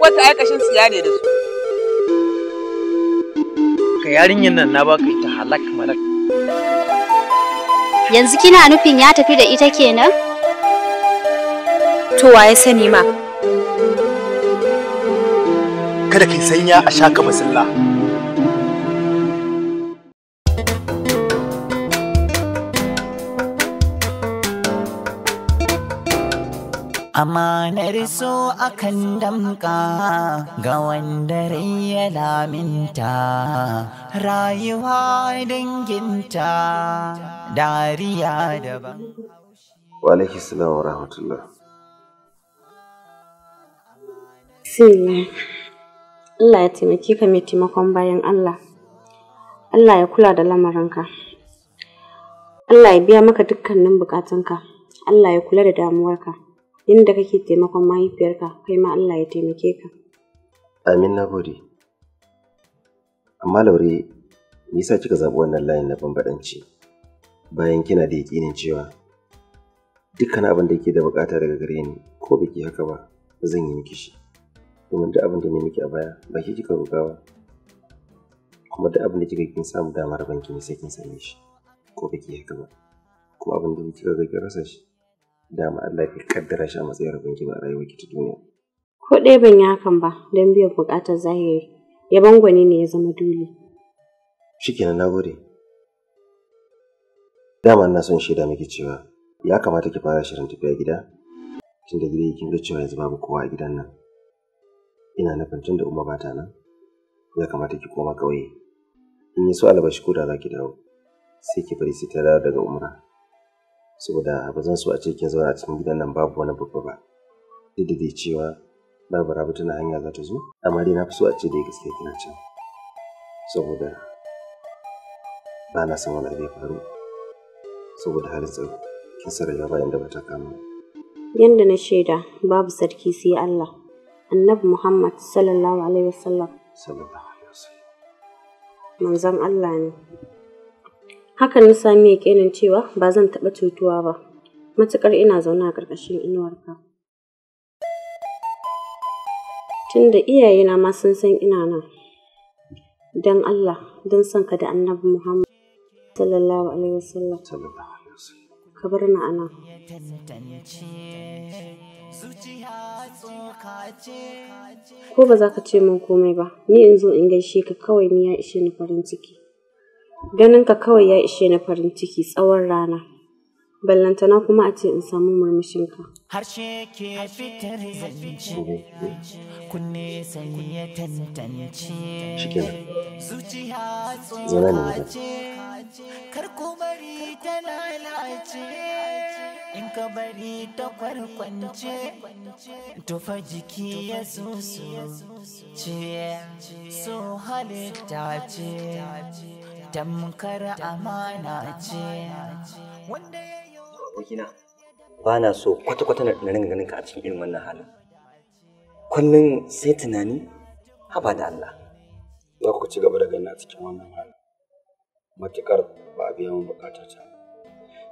wata kashin siya ne da su ka yarinyar nan na baka ita halak malak yanzu kina nufin ya tafi da ita kenan to waye sani ma kada ki sanya a shaka masalla Amanar so akan damka ga wanda ya laminta rayuwa danginta dariya daban. Wa alaihi salam wa rahmatullah. Sai Allah ya taimake ka mai taimakon bayan Allah. Allah ya kula da lamarinka. Allah ya biya maka dukkanin bukatunka. Allah ya kula da damuwarka. Yadda kake taimakon mahaifiyarka, kai ma Allah ya taimake ka. Amin na gode. Amma Laure, me yasa kika zaɓi wannan layin na bambaɗanci? Bayan kina da yaƙinin cewa dukkan abin da ke da buƙata daga gare ni ko biki haka ba zan yi miki shi. Domin duk abin da ne miki a baya ba ki kika roƙa ba. Kuma duk abin da kika kin samu damar banki ne sai kin same shi ko biki haka ba. Kuma abin da kika ga kin rasa shi dama Allah ya kaddara shi a matsayin rabon ki ba a rayuwar ki ta duniya ko ɗaya ban yi hakan ba don biyan buƙatar zahiri ya bangwane ne ya zama dole shikenan na gode dama ina son shaida miki cewa ya kamata ki fara shirin tafiya gida tun da gida kin ga cewa yanzu babu kowa a gidan nan ina nufin da umma ba ta nan ya kamata ki koma ƙauye in yi su albashi ko da za ki dawo sai ki bari sai ta daga umra saboda ba zan so a ce kin zauna cikin gidan nan babu wani babba ba duk da dai cewa babu rabu tana hanya za ta zo amma dai na fi so a ce dai gaske kina can saboda ba na son wani abu ya faru saboda har tsaro kin sa rayuwa bayan da ba ta kama yanda na shaida babu sarki sai Allah annabi Muhammad sallallahu alaihi wasallam sallallahu alaihi wasallam manzon Allah ne Hakan na sami yaƙinin cewa ba zan taɓa cutuwa ba, matuƙar ina zaune a ƙarƙashin inuwarka. Tunda iyayena ma sun san ina nan, don Allah, don son ka da annabi Muhammad sallallahu alaihi wasallam. Ka bar ni a nan. Ko ba za ka ce min komai ba, ni in zo in gaishe ka kawai ni ya ishe ni farin ciki. Ganinka kawai ya ishe na farin ciki tsawon rana. Ballantana kuma a ce in samu murmushinka. Harshe ke fitar zance, kunne sani ya tantance. Zuciya tsoka kar ku bari ta lalace. in ka bari ta kwarkwance tufa jiki ya susu ce so halitta ce tamkar amana ce wanda ya yi abokina ba na so kwata-kwata na ringa ganin ka a cikin irin wannan halin kullum sai tunani haba da Allah za ku ci gaba da ganin a cikin wannan halin matukar ba a biyan min bukata ta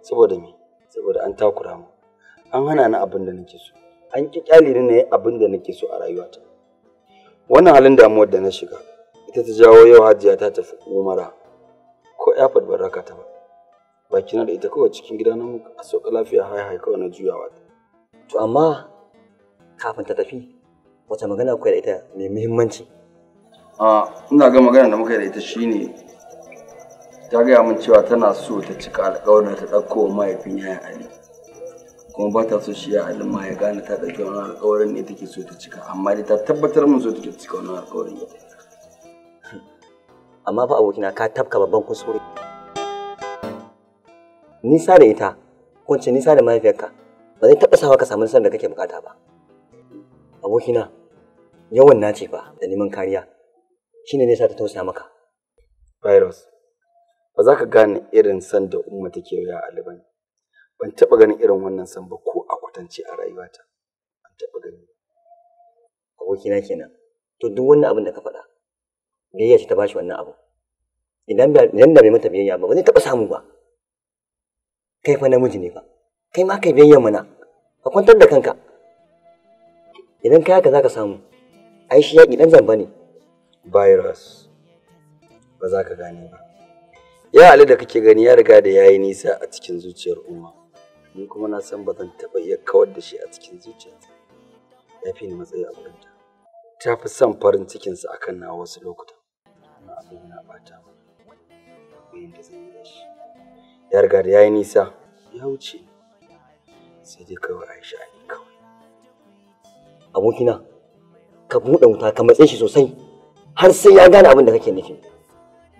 saboda me saboda an takura mu an hana ni abin da nake so an ki kyale ni yi abin da nake so a rayuwata wannan halin damuwar da na shiga ita ta jawo yau hajiya ta tafi umara ko airport ban raka ta ba baki da ita kawai cikin gida nan a sauka lafiya hai hai kawai na juyawa to amma kafin ta tafi wata magana akwai da ita mai muhimmanci a ina ga magana da muka yi da ita shine ta gaya min cewa tana so ta cika alƙawarin ta ɗauko wa mahaifin yayan Ali kuma ba ta so shi ya halin ma ya gane ta ɗauki wani alƙawarin ne take so ta cika amma dai ta tabbatar min so take cika wani alƙawarin amma fa abokina ka tafka babban kuskure nisa da ita kunce nisa da mahaifiyarka ba zai taɓa sawa ka samu nisan da kake bukata ba abokina yawan nace fa da neman kariya shine ne sa ta tausaya maka virus ba za ka gane irin san da umma take yau a liban ban taɓa ganin irin wannan san ba ko a kwatance a rayuwata ban taɓa ganin abokina kenan to duk wannan abin da ka faɗa biyayya ce ta bashi wannan abu idan da bai mata biyayya ba ba zai taɓa samu ba kai fa namiji ne fa kai ma kai biyayya mana ka kwantar da kanka idan kai haka zaka samu ai shi yaki ɗan zamba ne virus ba za ka gane ba ya ali da kake gani ya riga da yayi nisa a cikin zuciyar umma ni kuma na san ba zan taɓa iya kawar da shi a cikin zuciyarsa. ya fi ni matsayi a ta fi son farin cikinsa akan na wasu lokuta abin ya bata yi shi ya riga da yayi nisa ya wuce sai dai kawai Aisha ne kawai abokina ka buɗe wuta ka matse shi sosai har sai ya gane abin da kake nufi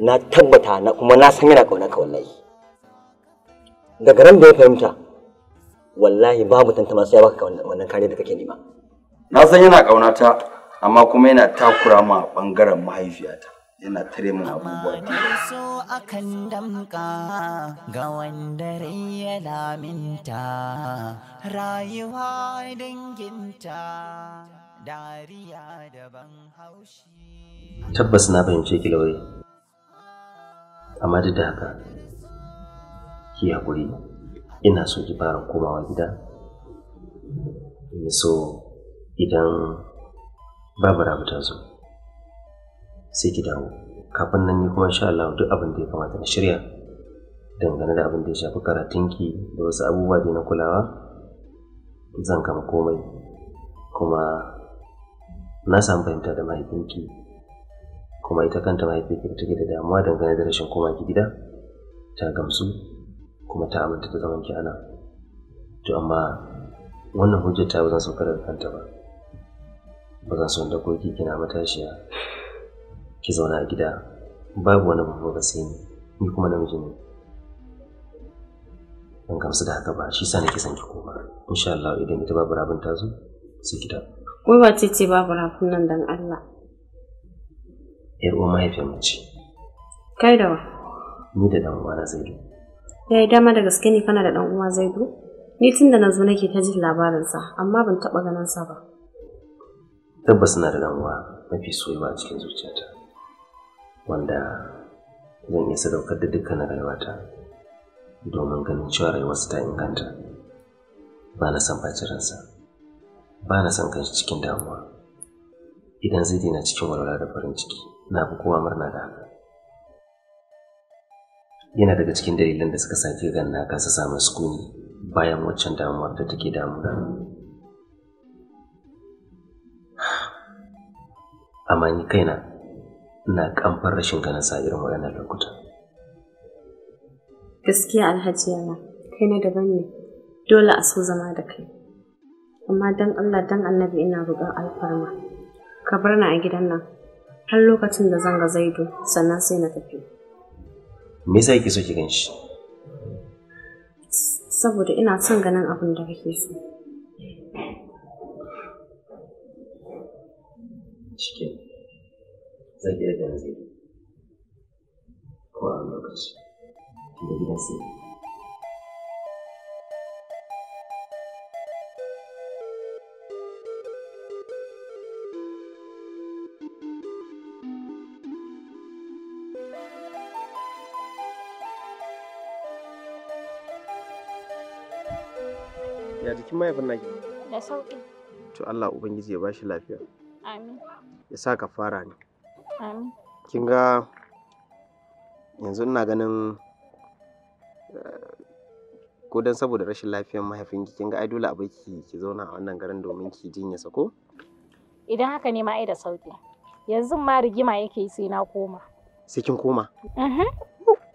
na tabbata na kuma na san yana kauna ka wallahi daga nan da ya fahimta wallahi babu tantama sai ya baka wannan kare da kake nema na san yana kaunata amma kuma yana takura ma bangaren mahaifiyata yana tare abubuwa so tabbas na fahimce ki laure amma duk da haka ki hakuri ina so ki fara komawa gida so idan babu rabu ta zo sai ki dawo kafin nan ni kuma insha Allah duk abin da ya kamata na shirya dangane da abin da ya shafi karatunki da wasu abubuwa da na kulawa zan kama komai kuma na samu fahimta da mahaifinki kuma ita kanta mahaifinki da take da damuwa dangane da rashin koma ki gida ta gamsu kuma ta aminta da zaman ki ana to amma wannan hujjar ta ba zan saukar da kanta ba ba zan so da koki kina matashiya ki zauna a gida babu wani babba ba sai ni ni kuma namiji ne ban gamsu da haka ba shi sa nake son ki koma insha Allah idan ita babu rabin ta zo sai ki dawo wai ba ce babu rabin nan dan Allah yar uwa mahaifiyar mace kai da wa ni da dan uwana Zaidu yi dama da gaske ne kana da dan uwa Zaidu ni tun da na zo nake ta jin labarinsa amma ban taɓa ganin sa ba tabbas na da dan uwa mafi soyuwa a cikin zuciyata wanda zan iya sadaukar da dukkanin rayuwata domin ganin cewa rayuwarsa ta inganta ba na son ɓacin ransa ba na son kanshi cikin damuwa idan zai daina cikin walwala da farin ciki na fi kowa murna da haka yana daga cikin dalilan da suka sake gan na kasa samun sukuni bayan waccan damuwar da take damuna amma ni kaina ina kamfar rashin ganin sa irin waɗannan lokuta. Gaskiya Alhaji yana kai na daban ne dole a so zama da kai. Amma don Allah don annabi ina roƙon alfarma. Ka bar ni a gidan nan har lokacin da zan ga zaidu sannan sai na tafi. Me yasa yake so ki gan shi? Saboda ina son ganin abin da kake so. zan iya da zai ko a lokaci da gidan sai Ya jikin mahaifin naki? Da sauƙi. To Allah Ubangiji ya ba shi lafiya. Amin. Ya sa ka fara ne. kin ga yanzu ina ganin eh, ko dan saboda rashin lafiyar mahaifinki kin ga ai dole abai ki ki zauna a wannan garin domin ki jinya sako idan haka ne ma ai da sauki yanzu ma rigima yake sai na koma sai kin koma mm-hmm.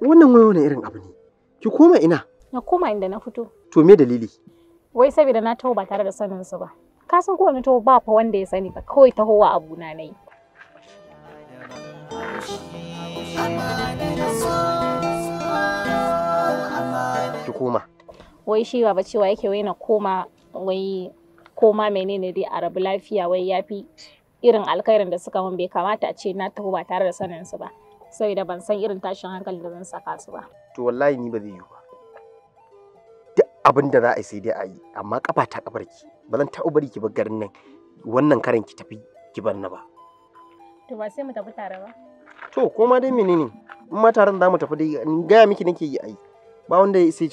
wannan wai wani irin abu ne ki koma ina na koma inda na fito to me dalili wai saboda na taho ba tare da sanin su ba ka san kowane taho ba fa wanda ya sani ba kawai wa abuna na nayi ki wai shi ba cewa yake wai na koma wai koma menene dai a rabu lafiya wai ya fi irin alkhairin da suka mun bai kamata a ce na taho ba tare da sanin su ba saboda ban san irin tashin hankali da zan saka su ba to wallahi ni ba zai yi ba duk abin da za a yi sai dai a yi amma kafa ta kabar ki ba zan taɓa bari ki bar garin nan wannan karan ki tafi ki bar na ba to ba sai mu tafi tare ba to kuma dai menene in ma taron za mu tafi dai in gaya miki nake yi ai ba wanda ya sai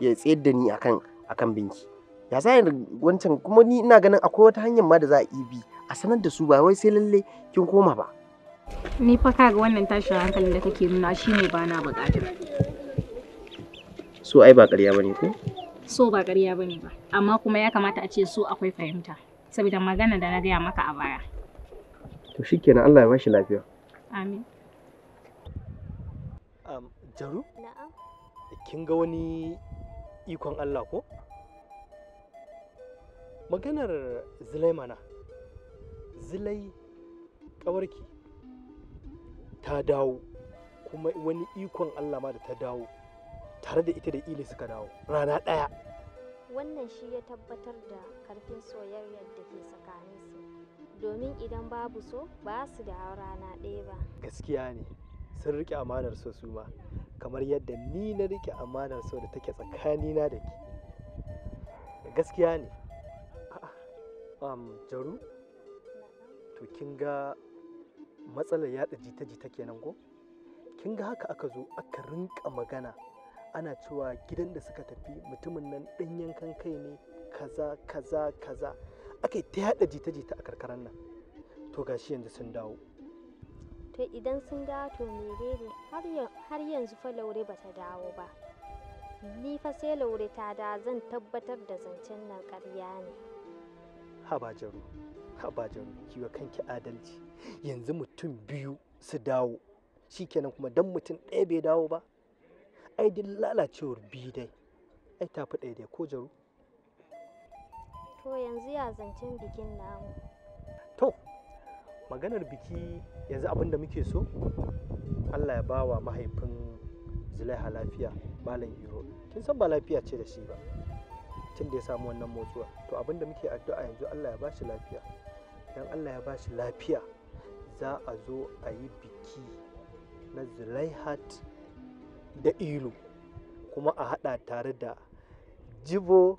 ya tsayar da ni akan akan binki ya sa wancan kuma ni ina ganin akwai wata hanyar ma da za a yi bi a sanar da su ba wai sai lalle kin koma ba ni fa ga wannan tashin hankalin da kake nuna shine ba na bukata so ai ba ƙarya bane ko so ba ƙarya bane ba amma kuma ya kamata a ce so akwai fahimta saboda magana da na gaya maka a baya to shikenan Allah ya bashi lafiya Amin. Um, jaru? Na'am. Kin ga wani ikon Allah ko? Maganar Zulai mana. Zulai ƙawarki ta dawo kuma wani ikon Allah ma da ta dawo tare da ita da ili suka dawo rana ɗaya. Wannan shi ya tabbatar da ƙarfin soyayyar da ke tsakaninsu. domin idan babu so ba su da rana ɗaya ba gaskiya ne sun riƙe amanar so su ma kamar yadda ni na rike amanar so da take tsakanina da ke gaskiya ne um, jaru to kin ga matsalar yaɗa jita-jita kenan ko kin ga haka aka zo aka rinka magana ana cewa gidan da suka tafi mutumin nan ɗan yankan kai ne kaza kaza kaza aka yi ta yada jita-jita a karkarar nan to gashi yanzu sun dawo to idan sun dawo to ne har yanzu fa laure ba ta dawo ba ni fa sai laure ta da zan tabbatar da zancen nan karya ne habajaru habajaru kiwa kanki adalci yanzu mutum biyu su dawo shikenan kuma dan mutum ɗaya bai dawo ba ai duk lalacewar biyu dai ai tafi ɗaya dai ko jaru To yanzu ya zancen bikin namu. To, maganar biki yanzu abin da muke so, Allah ya bawa mahaifin Zulaiha lafiya Malam Iro. Kin san ba lafiya ce da shi ba, tun da ya samu wannan motsuwa. To abin da muke addu'a yanzu Allah ya ba shi lafiya. Idan Allah ya ba shi lafiya, za a zo a yi biki na Zulaihat da Ilu, kuma a haɗa tare da Jibo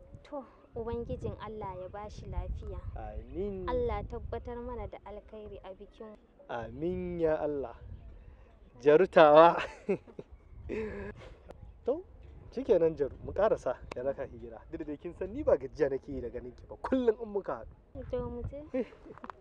Ubangijin Allah ya ba shi lafiya. Amin. Allah tabbatar mana da alkhairi a bikin. Amin ya Allah. Jarutawa. to, shikenan jaru, mu karasa da raka hira. Duk da kin san ni ba gajiya nake yi da ganin ki ba. Kullum in muka haɗu. To mu je.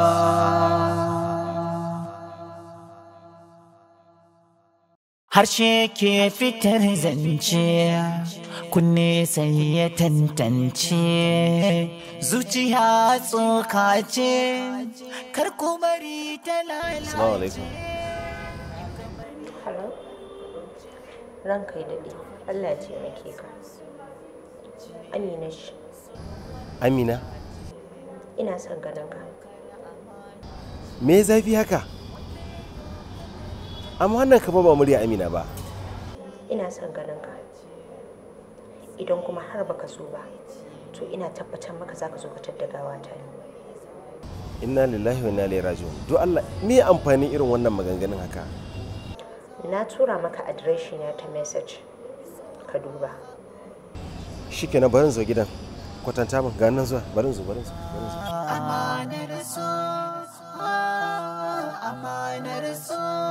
harshe ke fitar zance kunne sai ya tantance zuciya tsoka ce bari ta lalace ranka yi daɗe allah ce nake ka amina shi amina ina son ganin ka me zafi haka amma wannan kafa ba murya amina ba ina son ganin ka idan kuma har baka zo ba to ina tabbatar maka zaka zo ka taddagawa gawa ta inna lillahi wa inna ilaihi raji'un do Allah me amfani irin wannan maganganun haka na tura maka adireshi na ta message ka duba shikenan barin zo gidan kwatanta min ga nan zuwa barin zo barin zo barin zo amana rasul amana rasul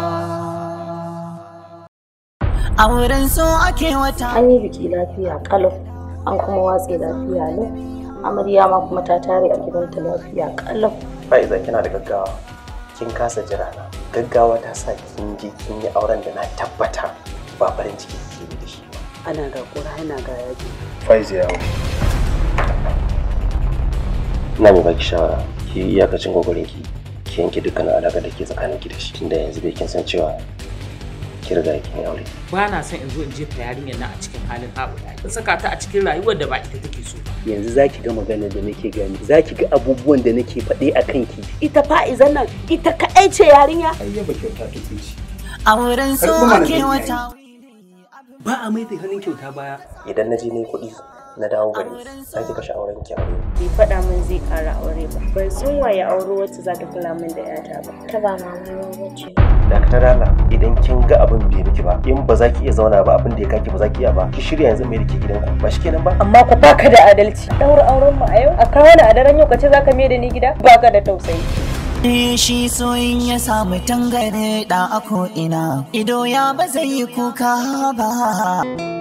a wurin su ake wata an yi biki lafiya kalau an kuma watse lafiya ne amarya ma kuma ta tare a gidanta lafiya kalau fa'iza kina da gaggawa kin kasa jira na gaggawa ta sa kin je kin yi auren da na tabbata ba farin ciki ke da shi ana ga kura ana ga yaji faiza yawo ina mai baki shawara ki iyakacin gwagwarin ki ki yanke dukkan alaƙa da ke tsakanin ki da shi tunda yanzu bai kin san cewa Kirga riga aure ba na son in zo in jefa yarinyar na a cikin halin haɓuya in saka ta a cikin rayuwar da ba ita take so ba yanzu za ki ga magana da nake gani ki ga abubuwan da nake faɗe a ki. ita fa fa'izan nan ita kaɗai ce yarinya ba kyauta ta ce a wurin so ake wata ba a mai da hannun kyauta baya idan na je ne kuɗi na dawo gari sai kika sha'awar ki aure bai faɗa min zai ƙara aure ba ban san waye aure wacce za ta kula min da yata ba ta ba mama wacce da ta idan kin ga abin bai miki ba in ba za ki iya zauna ba abin da ya kaki ba za ki iya ba ki shirya yanzu mai da ke gidanku ba shi kenan ba amma ku baka da adalci daur auren mu a yau a kawo ni a daren yau kace zaka mai da ni gida baka da tausayi shi soyin ya samu tangare da a ina. ido ya ba zai yi kuka ba